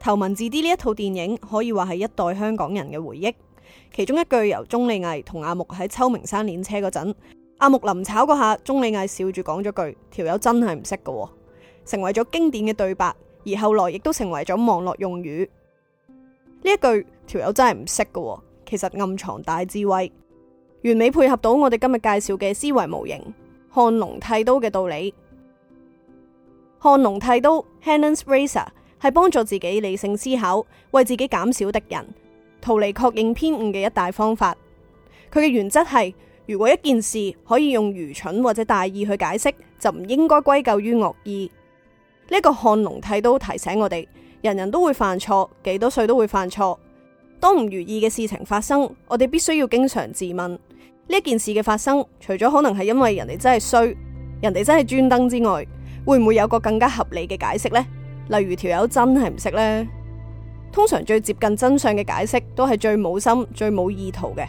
《頭文字 D》呢一套電影可以話係一代香港人嘅回憶，其中一句由鍾麗緹同阿木喺秋名山練車嗰陣，阿木林炒嗰下，鍾麗緹笑住講咗句：條這友個真係唔識噶，成為咗經典嘅對白，而後來亦都成為咗網絡用語。呢一句條友、這個、真係唔識噶，其實暗藏大智慧，完美配合到我哋今日介紹嘅思維模型——漢龍剃刀嘅道理。漢龍剃刀 h a n n o n s Razor）。係幫助自己理性思考，為自己減少敵人，逃離確認偏誤嘅一大方法。佢嘅原則係：如果一件事可以用愚蠢或者大意去解釋，就唔應該歸咎於惡意。呢個漢龍剃刀提醒我哋，人人都會犯錯，幾多歲都會犯錯。當唔如意嘅事情發生，我哋必須要經常自問：呢件事嘅發生，除咗可能係因為人哋真係衰，人哋真係專登之外，會唔會有個更加合理嘅解釋呢？例如條友真係唔識呢，通常最接近真相嘅解釋都係最冇心、最冇意圖嘅。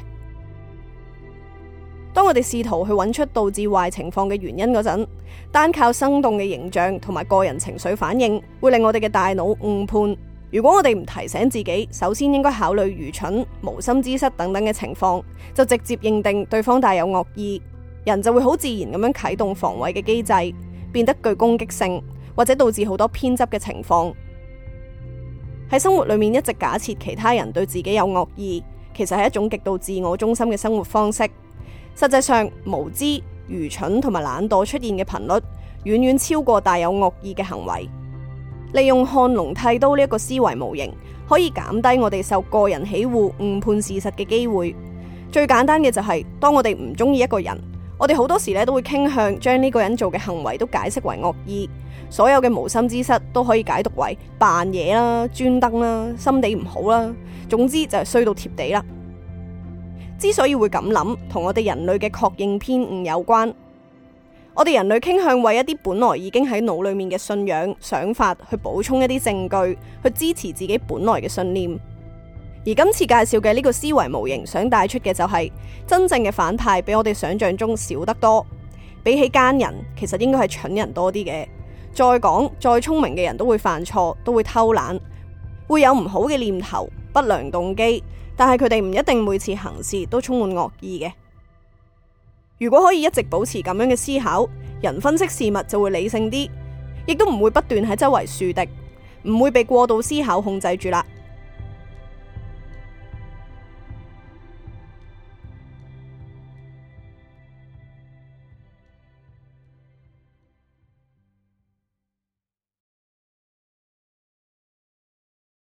當我哋試圖去揾出導致壞情況嘅原因嗰陣，單靠生動嘅形象同埋個人情緒反應，會令我哋嘅大腦誤判。如果我哋唔提醒自己，首先應該考慮愚蠢、無心之失等等嘅情況，就直接認定對方帶有惡意，人就會好自然咁樣啟動防衛嘅機制，變得具攻擊性。或者導致好多偏執嘅情況，喺生活裏面一直假設其他人對自己有惡意，其實係一種極度自我中心嘅生活方式。實際上，無知、愚蠢同埋懶惰出現嘅頻率遠遠超過帶有惡意嘅行為。利用漢隆剃刀呢一個思維模型，可以減低我哋受個人喜惡誤判事實嘅機會。最簡單嘅就係，當我哋唔中意一個人，我哋好多時咧都會傾向將呢個人做嘅行為都解釋為惡意。所有嘅無心之失都可以解讀為扮嘢啦、專登啦、心地唔好啦。總之就係衰到貼地啦。之所以會咁諗，同我哋人類嘅確認偏誤有關。我哋人類傾向為一啲本來已經喺腦裏面嘅信仰、想法去補充一啲證據，去支持自己本來嘅信念。而今次介紹嘅呢個思維模型，想帶出嘅就係真正嘅反派，比我哋想象中少得多。比起奸人，其實應該係蠢人多啲嘅。再講，再聰明嘅人都會犯錯，都會偷懶，會有唔好嘅念頭、不良動機，但係佢哋唔一定每次行事都充滿惡意嘅。如果可以一直保持咁樣嘅思考，人分析事物就會理性啲，亦都唔會不斷喺周圍樹敵，唔會被過度思考控制住啦。